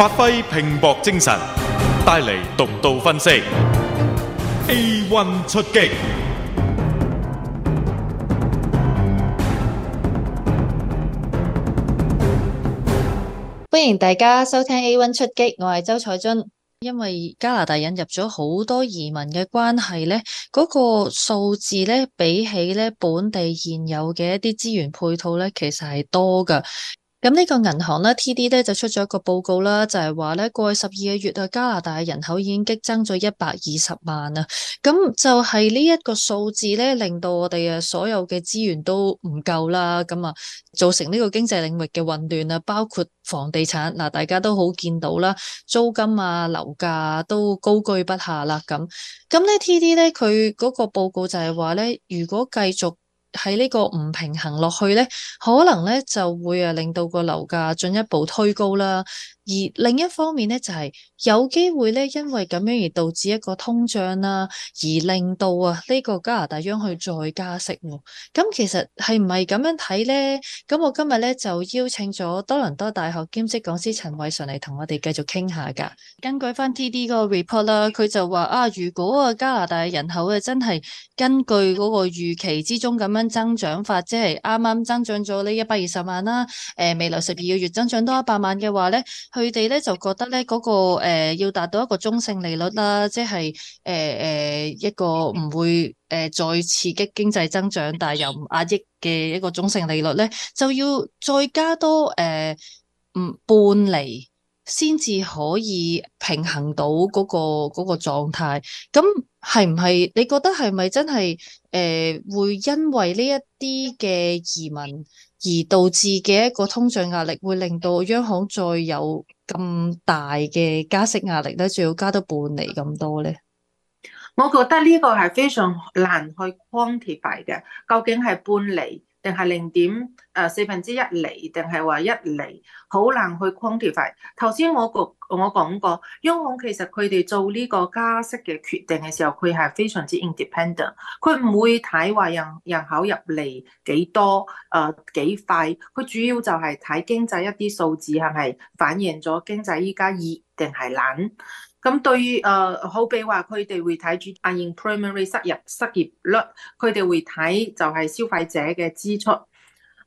發揮拼搏精神，帶嚟獨到分析。A1 出擊，歡迎大家收聽 A1 出擊。我係周采蓁，因為加拿大引入咗好多移民嘅關係，那個、呢嗰個數字呢，比起呢本地現有嘅一啲資源配套呢，其實係多㗎。咁呢個銀行咧，TD 咧就出咗一個報告啦，就係話咧，過去十二個月啊，加拿大嘅人口已經激增咗一百二十萬啊。咁就係呢一個數字咧，令到我哋啊所有嘅資源都唔夠啦。咁啊，造成呢個經濟領域嘅混亂啊，包括房地產嗱、呃，大家都好見到啦，租金啊、樓價都高居不下啦。咁咁咧，TD 咧佢嗰個報告就係話咧，如果繼續。喺呢個唔平衡落去咧，可能咧就會誒令到個樓價進一步推高啦。而另一方面咧，就係有機會咧，因為咁樣而導致一個通脹啦，而令到啊呢個加拿大央行再加息喎。咁其實係唔係咁樣睇咧？咁我今日咧就邀請咗多倫多大學兼職講師陳偉純嚟同我哋繼續傾下㗎。根據翻 TD 嗰個 report 啦，佢就話啊，如果啊加拿大嘅人口誒真係根據嗰個預期之中咁樣。增長法即係啱啱增長咗呢一百二十萬啦，誒、呃，未來十二個月增長多一百萬嘅話咧，佢哋咧就覺得咧嗰、那個誒、呃、要達到一個中性利率啦，即係誒誒一個唔會誒、呃、再刺激經濟增長，但係又唔壓抑嘅一個中性利率咧，就要再加多誒唔、呃、半厘。先至可以平衡到嗰個嗰個狀態，咁係唔係你覺得係咪真係誒會因為呢一啲嘅移民而導致嘅一個通脹壓力，會令到央行再有咁大嘅加息壓力咧？仲要加多半厘咁多咧？我覺得呢個係非常難去 quantify 嘅，究竟係半釐？定係零點誒四分之一厘，定係話一厘，好難去 quantify。頭先我講我講過，央行其實佢哋做呢個加息嘅決定嘅時候，佢係非常之 independent，佢唔會睇話人人口入嚟幾多誒、呃、幾快，佢主要就係睇經濟一啲數字係咪反映咗經濟依家熱定係冷。2, 咁對於誒、呃，好比話佢哋會睇住啊，unemployment 失業失業率，佢哋會睇就係消費者嘅支出，誒、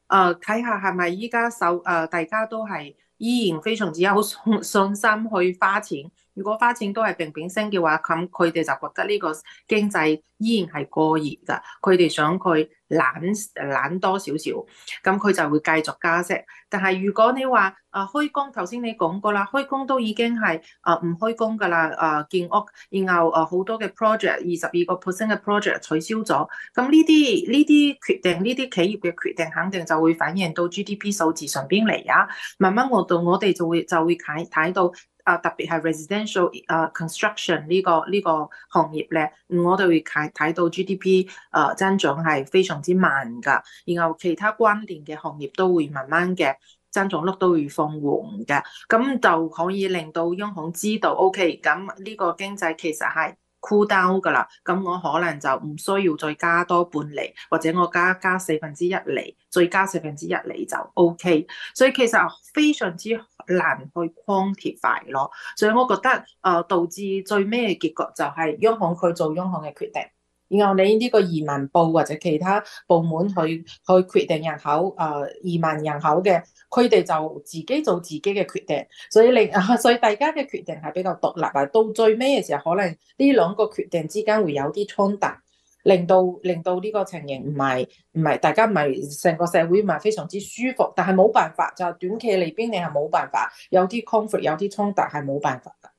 呃、睇下係咪依家手誒、呃、大家都係依然非常之有信心去花錢。如果花錢都係平平升嘅話，咁佢哋就覺得呢個經濟依然係過熱㗎，佢哋想佢攬攬多少少，咁佢就會繼續加息。但係如果你話啊開工，頭先你講過啦，開工都已經係啊唔開工㗎啦，啊建屋，然後啊好多嘅 project，二十二個 percent 嘅 project 取消咗，咁呢啲呢啲決定，呢啲企業嘅決定，肯定就會反映到 GDP 數字上邊嚟啊。慢慢我到我哋就會就會睇睇到。啊，特別係 residential 啊 construction 呢個呢個行業咧，我哋會睇睇到 GDP 啊增長係非常之慢㗎，然後其他關聯嘅行業都會慢慢嘅增長率都會放緩㗎，咁就可以令到央行知道，OK，咁呢個經濟其實係。箍兜㗎啦，咁我可能就唔需要再加多半厘，或者我加加四分之一厘，再加四分之一厘就 O、OK、K。所以其實非常之難去框 u a 咯，所以我覺得誒、呃、導致最尾嘅結局就係央行佢做央行嘅決定。然後你呢個移民部或者其他部門去去決定人口，誒、呃、移民人口嘅，佢哋就自己做自己嘅決定，所以令，所以大家嘅決定係比較獨立啊。到最尾嘅時候，可能呢兩個決定之間會有啲衝突，令到令到呢個情形唔係唔係大家唔係成個社會唔係非常之舒服，但係冇辦法，就短期嚟邊你係冇辦法，有啲 conflict 有啲衝突係冇辦法㗎。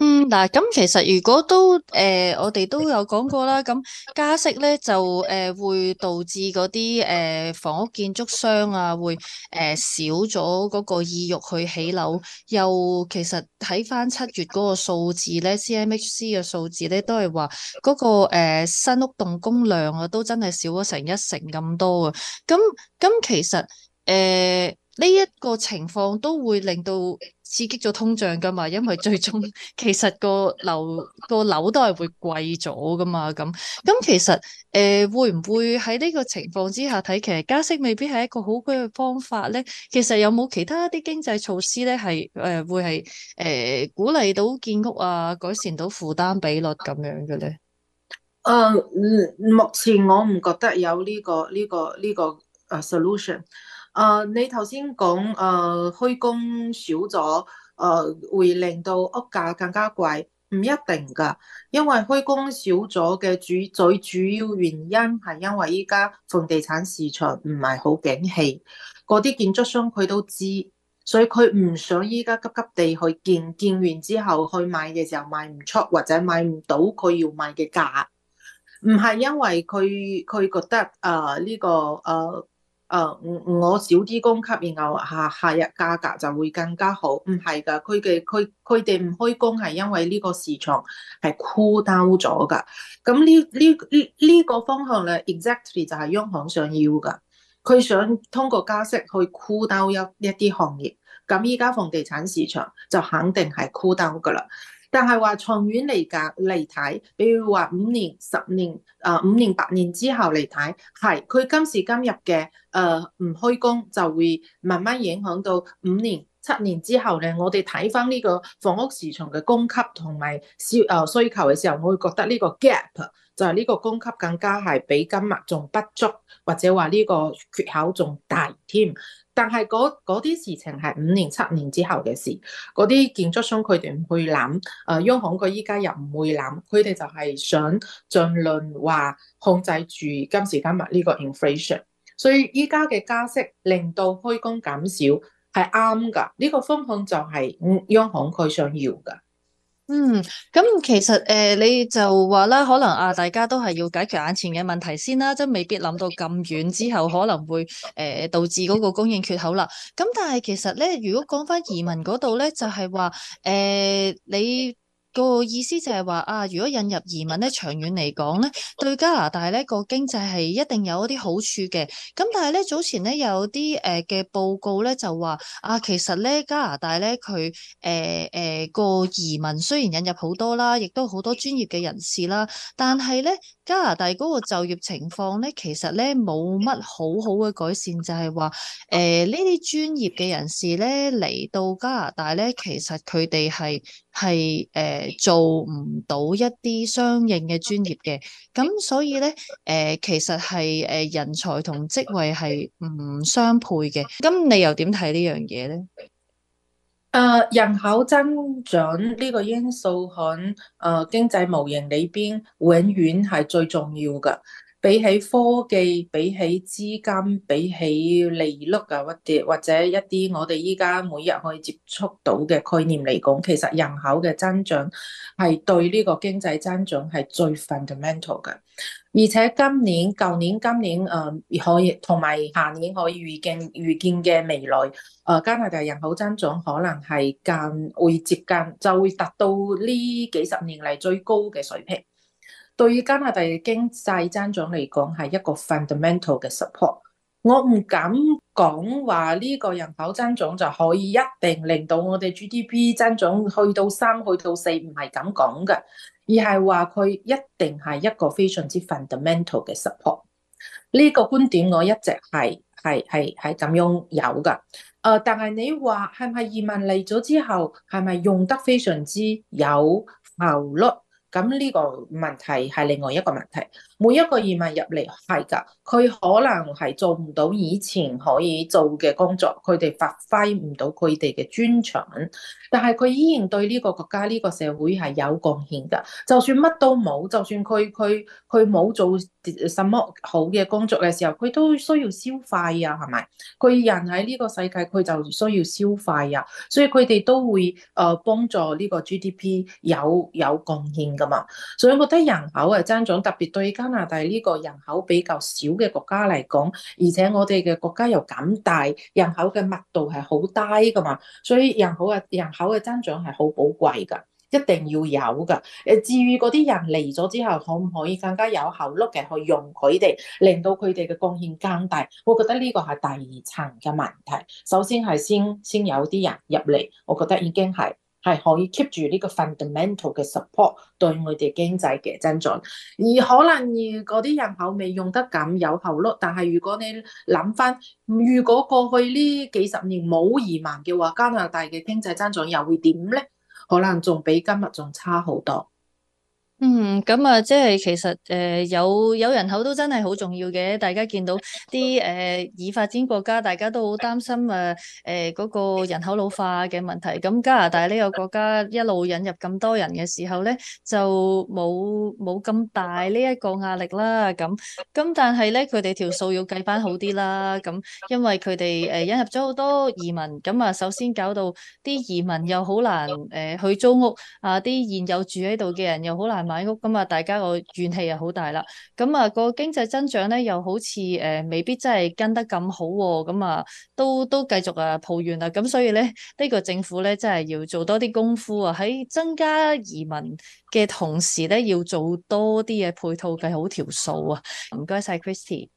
嗯，嗱，咁其實如果都誒、呃，我哋都有講過啦，咁加息咧就誒、呃、會導致嗰啲誒房屋建築商啊，會誒、呃、少咗嗰個意欲去起樓。又其實睇翻七月嗰個數字咧，CMHC 嘅數字咧都係話嗰個誒、呃、新屋動工量啊，都真係少咗成一成咁多啊。咁咁其實誒。呃呢一個情況都會令到刺激咗通脹噶嘛，因為最終其實個樓個樓都係會貴咗噶嘛，咁咁其實誒、呃、會唔會喺呢個情況之下睇，其實加息未必係一個好嘅方法咧。其實有冇其他一啲經濟措施咧，係、呃、誒會係誒、呃、鼓勵到建屋啊，改善到負擔比率咁樣嘅咧？誒，uh, 目前我唔覺得有呢個呢個呢個誒、uh, solution。誒，uh, 你頭先講誒開工少咗，誒、uh, uh, 會令到屋價更加貴，唔一定噶。因為開工少咗嘅主最主要原因係因為依家房地產市場唔係好景氣，嗰啲建築商佢都知，所以佢唔想依家急急地去建，建完之後去賣嘅時候賣唔出或者賣唔到佢要賣嘅價，唔係因為佢佢覺得誒呢、uh, 這個誒。Uh, 誒，uh, 我少啲供給，然後下下日價格就會更加好。唔係噶，佢嘅佢佢哋唔開工係因為呢個市場係 cool down 咗噶。咁呢呢呢呢個方向咧，exactly 就係央行想要噶。佢想通過加息去 cool down 一一啲行業。咁依家房地產市場就肯定係 cool down 噶啦。但係話長遠嚟講嚟睇，比如話五年、十年、誒五年、八年之後嚟睇，係佢今時今日嘅誒唔開工就會慢慢影響到五年、七年之後咧。我哋睇翻呢個房屋市場嘅供給同埋消誒需求嘅時候，我會覺得呢個 gap 就係呢個供給更加係比今日仲不足，或者話呢個缺口仲大添。但係嗰啲事情係五年七年之後嘅事，嗰啲建築商佢哋唔會諗，誒、呃、央行佢依家又唔會諗，佢哋就係想盡量話控制住今時今日呢個 inflation，所以依家嘅加息令到開工減少係啱噶，呢、呢個方向就係央行佢想要噶。嗯，咁、嗯、其實誒、呃，你就話啦，可能啊，大家都係要解決眼前嘅問題先啦，即係未必諗到咁遠之後可能會誒、呃、導致嗰個供應缺口啦。咁但係其實咧，如果講翻移民嗰度咧，就係話誒，你。個意思就係話啊，如果引入移民咧，長遠嚟講咧，對加拿大咧個經濟係一定有一啲好處嘅。咁但係咧，早前咧有啲誒嘅報告咧就話啊，其實咧加拿大咧佢誒誒個移民雖然引入好多啦，亦都好多專業嘅人士啦，但係咧。加拿大嗰個就業情況咧，其實咧冇乜好好嘅改善，就係話誒呢啲專業嘅人士咧嚟到加拿大咧，其實佢哋係係誒做唔到一啲相應嘅專業嘅，咁所以咧誒、呃、其實係誒、呃、人才同職位係唔相配嘅，咁你又點睇呢樣嘢咧？誒，uh, 人口增長呢個因素喺誒、uh, 經濟模型裏邊永遠係最重要嘅。比起科技、比起資金、比起利率啊，或者或者一啲我哋依家每日可以接觸到嘅概念嚟講，其實人口嘅增長係對呢個經濟增長係最 fundamental 嘅。而且今年、舊年、今年誒可以同埋下年可以預見預見嘅未來誒、呃、加拿大人口增長可能係間會接近就會達到呢幾十年嚟最高嘅水平。對於加拿大嘅經濟增長嚟講，係一個 fundamental 嘅 support。我唔敢講話呢個人口增長就可以一定令到我哋 GDP 增長去到三、去到四，唔係咁講嘅，而係話佢一定係一個非常之 fundamental 嘅 support。呢、這個觀點我一直係係係係咁樣有嘅。誒、呃，但係你話係咪移民嚟咗之後，係咪用得非常之有效率？咁呢個問題係另外一個問題。每一個移民入嚟係㗎，佢可能係做唔到以前可以做嘅工作，佢哋發揮唔到佢哋嘅專長，但係佢依然對呢個國家、呢個社會係有貢獻㗎。就算乜都冇，就算佢佢佢冇做什麼好嘅工作嘅時候，佢都需要消費啊，係咪？佢人喺呢個世界佢就需要消費啊，所以佢哋都會誒、呃、幫助呢個 GDP 有有貢獻㗎嘛。所以我覺得人口嘅增長特別對而家。加拿大呢個人口比較少嘅國家嚟講，而且我哋嘅國家又咁大，人口嘅密度係好低㗎嘛，所以人口嘅人口嘅增長係好寶貴㗎，一定要有㗎。誒，至於嗰啲人嚟咗之後，可唔可以更加有效率嘅去用佢哋，令到佢哋嘅貢獻更大，我覺得呢個係第二層嘅問題。首先係先先有啲人入嚟，我覺得已經係。係可以 keep 住呢個 fundamental 嘅 support 對我哋經濟嘅增長，而可能嗰啲人口未用得咁有效率。但係如果你諗翻，如果過去呢幾十年冇移民嘅話，加拿大嘅經濟增長又會點咧？可能仲比今日仲差好多。嗯，咁啊，即係其實誒，有有人口都真係好重要嘅。大家見到啲誒已發展國家，大家都好擔心啊。誒嗰個人口老化嘅問題。咁加拿大呢個國家一路引入咁多人嘅時候咧，就冇冇咁大呢一個壓力啦。咁咁但係咧，佢哋條數要計翻好啲啦。咁因為佢哋誒引入咗好多移民，咁啊首先搞到啲移民又好難誒去租屋啊，啲現有住喺度嘅人又好難，買屋咁啊，大家個怨氣又好大啦。咁啊，個經濟增長咧，又好似誒、呃，未必真係跟得咁好喎、哦。咁啊，都都繼續啊，抱怨啦。咁所以咧，呢個政府咧，真係要做多啲功夫啊、哦。喺增加移民嘅同時咧，要做多啲嘅配套計好條數啊、哦。唔該晒 Christy。